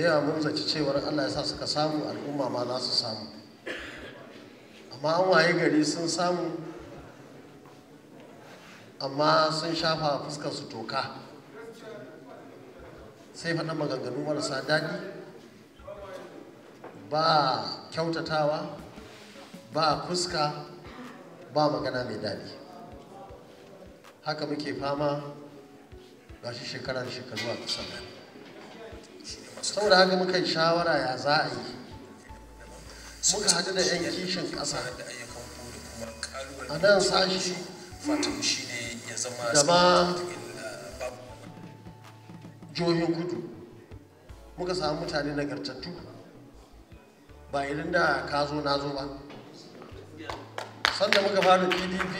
da yawa mun zaci cewar allah ya sa suka samu al'umma ma za su samu amma an waye gari sun samu amma sun shafa fuskar su toka sai faɗin maganganu marasa daɗi ba kyautatawa ba fuska ba magana mai daɗi haka muke fama gashi shekarar shekaru a ƙasar nan saboda haka muka yi shawara ya za a yi muka haɗu da 'yan kishin ƙasa a nan sashi da ma jihohin kudu muka samu mutane nagartattu ba irin da ka zo na zo ba sanda muka fara pdp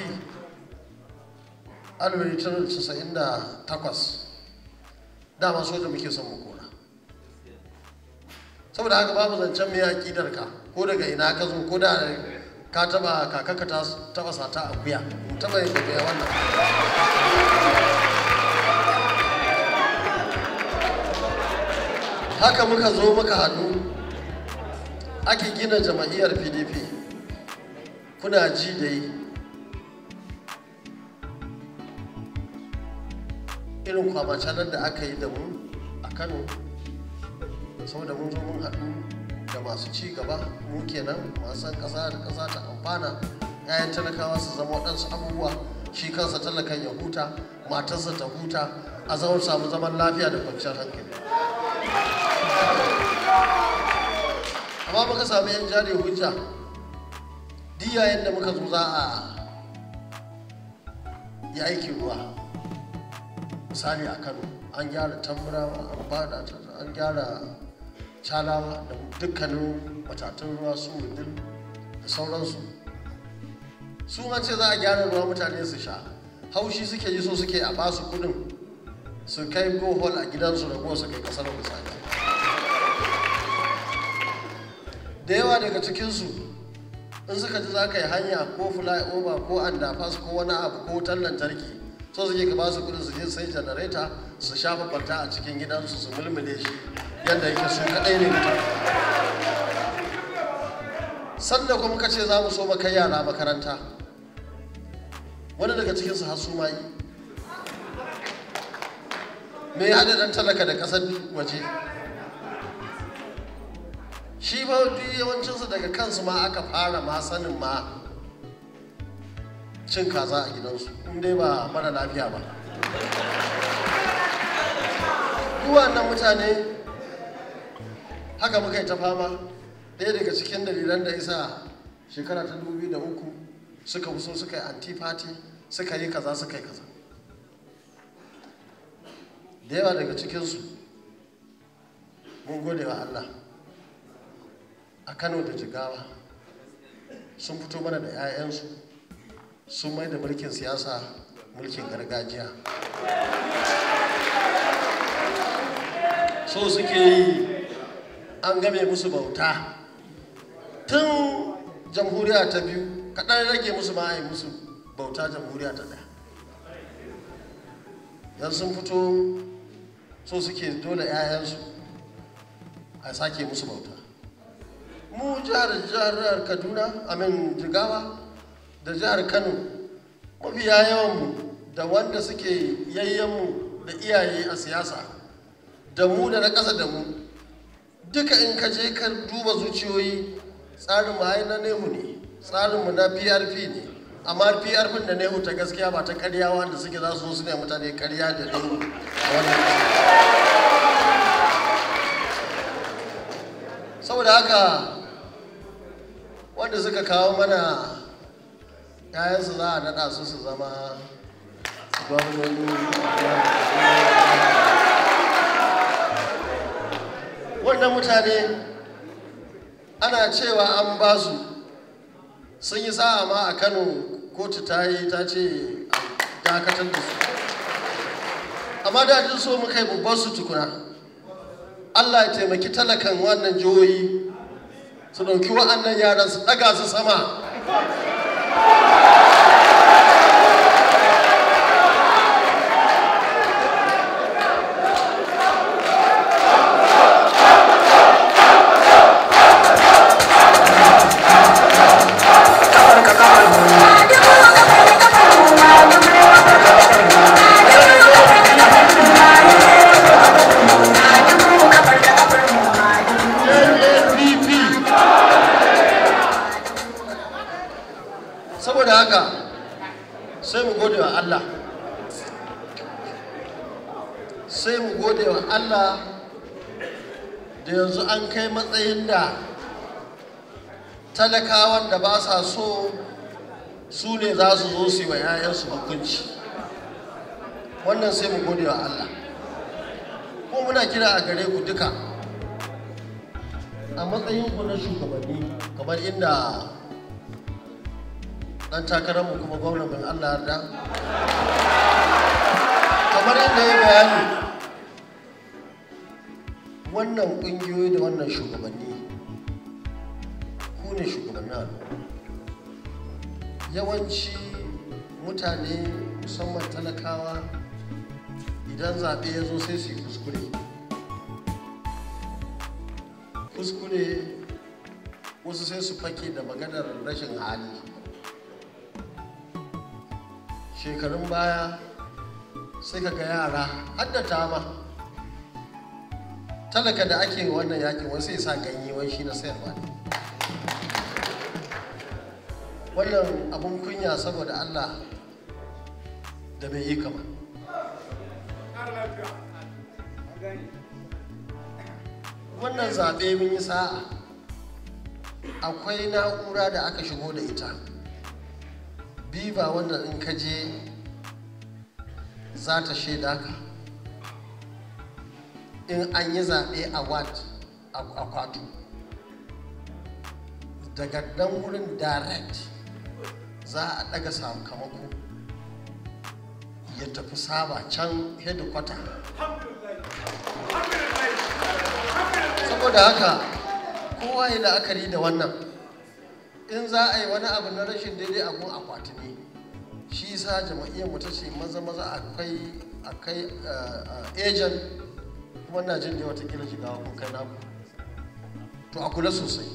1998 dama soja muke son muku saboda haka babu zancen mai aƙidar ka ko daga ina ka zo ko da ka taba kakaka ta taba sata akuya taba yin tafiya wannan haka muka zo muka haɗu ake gina jama'iyyar pdp kuna ji da yi irin kwamacanar da aka yi da mu a kano saboda mun zo mun haɗu da masu ci gaba mu kenan masu ƙasa da ƙasa ta amfana ƴaƴan talakawa su zama waɗansu abubuwa shi kansa talakan ya huta matarsa ta huta a zaman samu zaman lafiya da kwanciyar hankali amma muka sami yan jari hujja diya yadda muka zo za a yi aikin ruwa misali a kano an gyara tambura an bada an gyara cala da dukkanin matatun ruwa su wudin da sauransu su an ce za a gyara ruwa mutane su sha haushi suke yi so suke a basu kudin su kai bohol a gidansu da kuma su kai kasar misali da yawa daga cikinsu in suka ji za ka yi hanya ko flyover ko underpass ko wani abu ko wutar lantarki so suke ka basu kudin su je sai janareta su shafa kwanta a cikin gidansu su mulmule shi yadda yake su kaɗai ne mutum sanda kuma ka ce za mu so maka yara makaranta wani daga cikinsu har su mai me ya haɗa ɗan talaka da ƙasar waje shi ba yawancinsu daga kansu ma aka fara ma sanin ma cin kaza a gidansu in dai ba mara lafiya ba nan mutane haka muka yi ta fama ɗaya daga cikin dalilan da isa shekara ta dubu da uku suka wuso suka yi antifati suka yi kaza suka yi kaza da yawa daga cikinsu mun gode wa allah a kano da jigawa sun fito mana da 'ya'yansu sun mai da mulkin siyasa mulkin gargajiya so suke yi an game musu bauta tun jamhuriya ta biyu kaɗan rage musu ma yi musu bauta jamhuriya ta ɗaya yan sun fito so suke dole 'ya'yansu a sake musu bauta mu jihar jihar kaduna amin jigawa da jihar kano mafiya yawanmu da wanda suke yayyanmu da iyaye a siyasa da mu da na ƙasa da mu duka in ka je ka duba zuciyoyi tsarin mu na nemu ne tsarin mu na prp ne amma prp da nemu ta gaskiya ba ta karya wanda suke za su zo su ne mutane karya da nemu saboda haka wanda suka kawo mana yayansu za a naɗa su su zama gwamnoni wannan mutane ana cewa an ba su sun yi sa'a ma a kano kotu ta yi ta ce dakatar da su amma da jin so muka yi babban su tukuna allah ya taimaki talakan wannan jihohi su ɗauki wa'annan yaran su ɗaga su sama Allah sai mu gode wa Allah da yanzu an kai matsayin da talakawan da ba sa so su ne za su zo su yi wa 'ya'yansu hukunci wannan sai mu gode wa Allah ko muna kira a gare ku duka a matsayinku na shugabanni kamar inda dan takararmu kuma gwamnan mai Allah da. kamar yadda ya bayani wannan ƙungiyoyi da wannan shugabanni ku ne shugabanni yawanci mutane musamman talakawa idan zaɓe ya zo sai su yi kuskure kuskure wasu sai su fake da maganar rashin hali shekarun baya sai ka ga yara ta ma talaka da ake wannan yakin wasu sa ganye wai shi na sayarwa ne wannan abun kunya saboda allah da bai yi kama wannan zaɓe mun yi sa'a akwai na'ura da aka shigo da ita biba wanda in ka je za ta shaida ka in an yi zaɓe a wat a kwato daga dan wurin direct za a ɗaga sakamako ya tafi saba can hedikwata saboda haka kowa yi la'akari da wannan in za a yi wani abu na rashin daidai a gun akwatin sa jama'iyyar mu ta ce maza maza akwai akwai eh, agent kuma na jin da wata kila jigawa kun kai naku to a kula sosai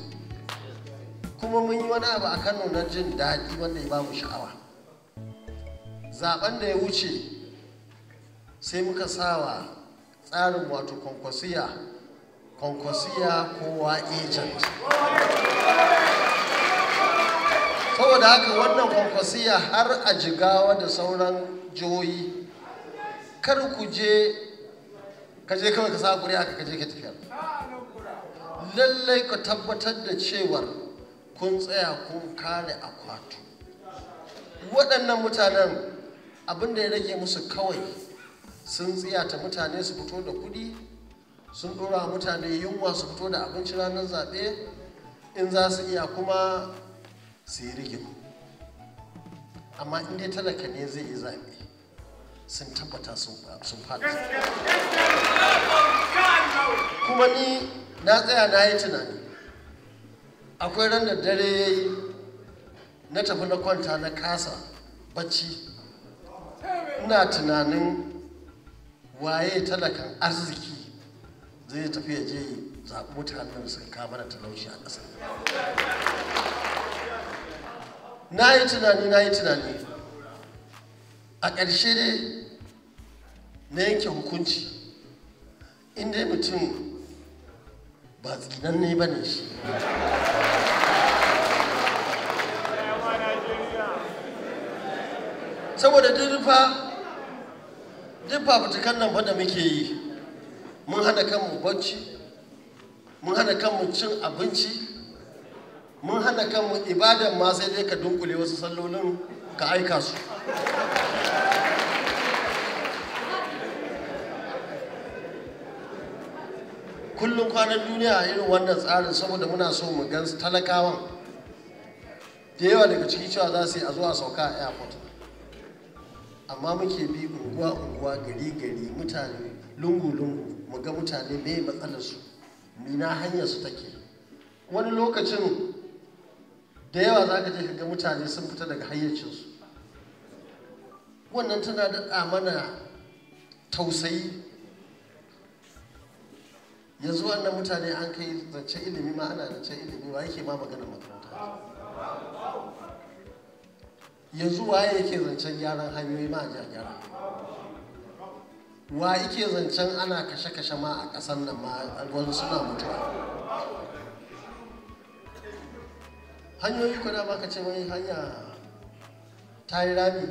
kuma mun yi wani abu a kano na jin daɗi wanda ya bamu sha'awa zaben da ya wuce sai muka sawa tsarin wato kwankwasiya kwankwasiya kowa agent saboda haka wannan kwankwasiya har a jigawa da sauran jihohi kar ku je ka je kawai ka sa guri aka kaje ka tafiya lallai ka tabbatar da cewar kun tsaya kun kare akwatu waɗannan mutanen abin da ya rage musu kawai sun ta mutane su fito da kuɗi sun ɗora mutane yunwa su fito da abinci ranar zaɓe in za su iya kuma sai rigin amma in dai talaka ne zai yi zaɓe sun tabbata sun faɗi kuma ni na tsaya na yi tunani akwai ran da dare ya yi na tafi na kwanta na kasa bacci ina tunanin waye talakan arziki zai tafi ya je zaɓi mutanen da suka kama da talauci a ƙasar na yi tunani na yi tunani a ƙarshe dai na yanke hukunci inda mutum ba ne ba ne shi saboda dufa dufa fitukan nan da muke yi mun hana kanmu bacci mun hana kanmu cin abinci mun hana kanmu ibadan ma sai dai ka dunkule wasu sallolin ka aika su kullum kwanan duniya a irin wannan tsarin saboda muna so mu gan talakawan da yawa daga ciki cewa za su yi a zuwa sauka a airport amma muke bi unguwa unguwa gari gari mutane lungu lungu mu ga mutane me matsalar su mina hanyar su take wani lokacin da yawa za ka je ga mutane sun fita daga hayyacinsu wannan tana da mana tausayi yanzu wannan mutane an kai zance ilimi ma ana zance ilimi wa yake ma magana makaranta yanzu waye yake zancen gyaran hanyoyi ma a gyara wa yake zancen ana kashe-kashe ma a kasan nan ma wani suna mutuwa hanyoyi kuna ba ka ce wani hanya ta yi rami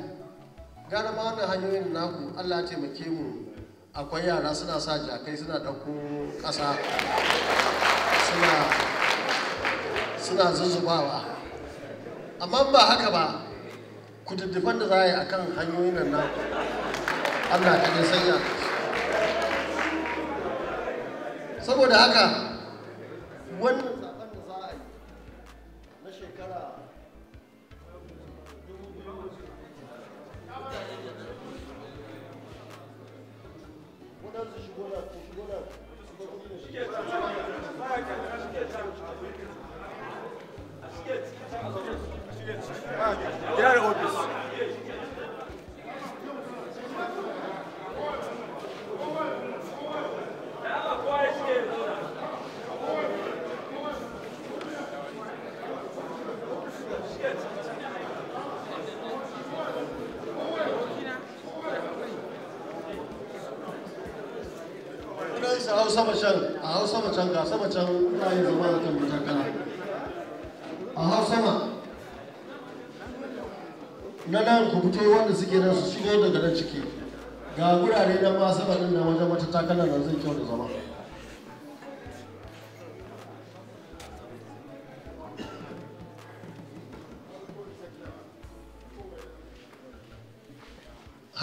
gara ma wannan hanyoyin naku allah taimake mu akwai yara suna sa jakai suna ɗauko ƙasa suna zuzubawa amma ba haka ba ku kududdufan da za a yi akan hanyoyin nan naku allah ta sanya saboda haka Girer ofis. Yes. su hau sama can a hau sama can ga sama can za a yi zama da kan takara a hau sama na nan ku fito wanda suke nan su shigo daga nan ciki ga gurare na ma sama din nan wajen wata takala nan zai kyau da zama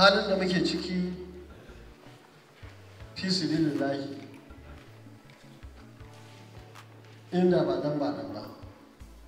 halin da muke ciki fi su lillahi inda ba dan ba dan ba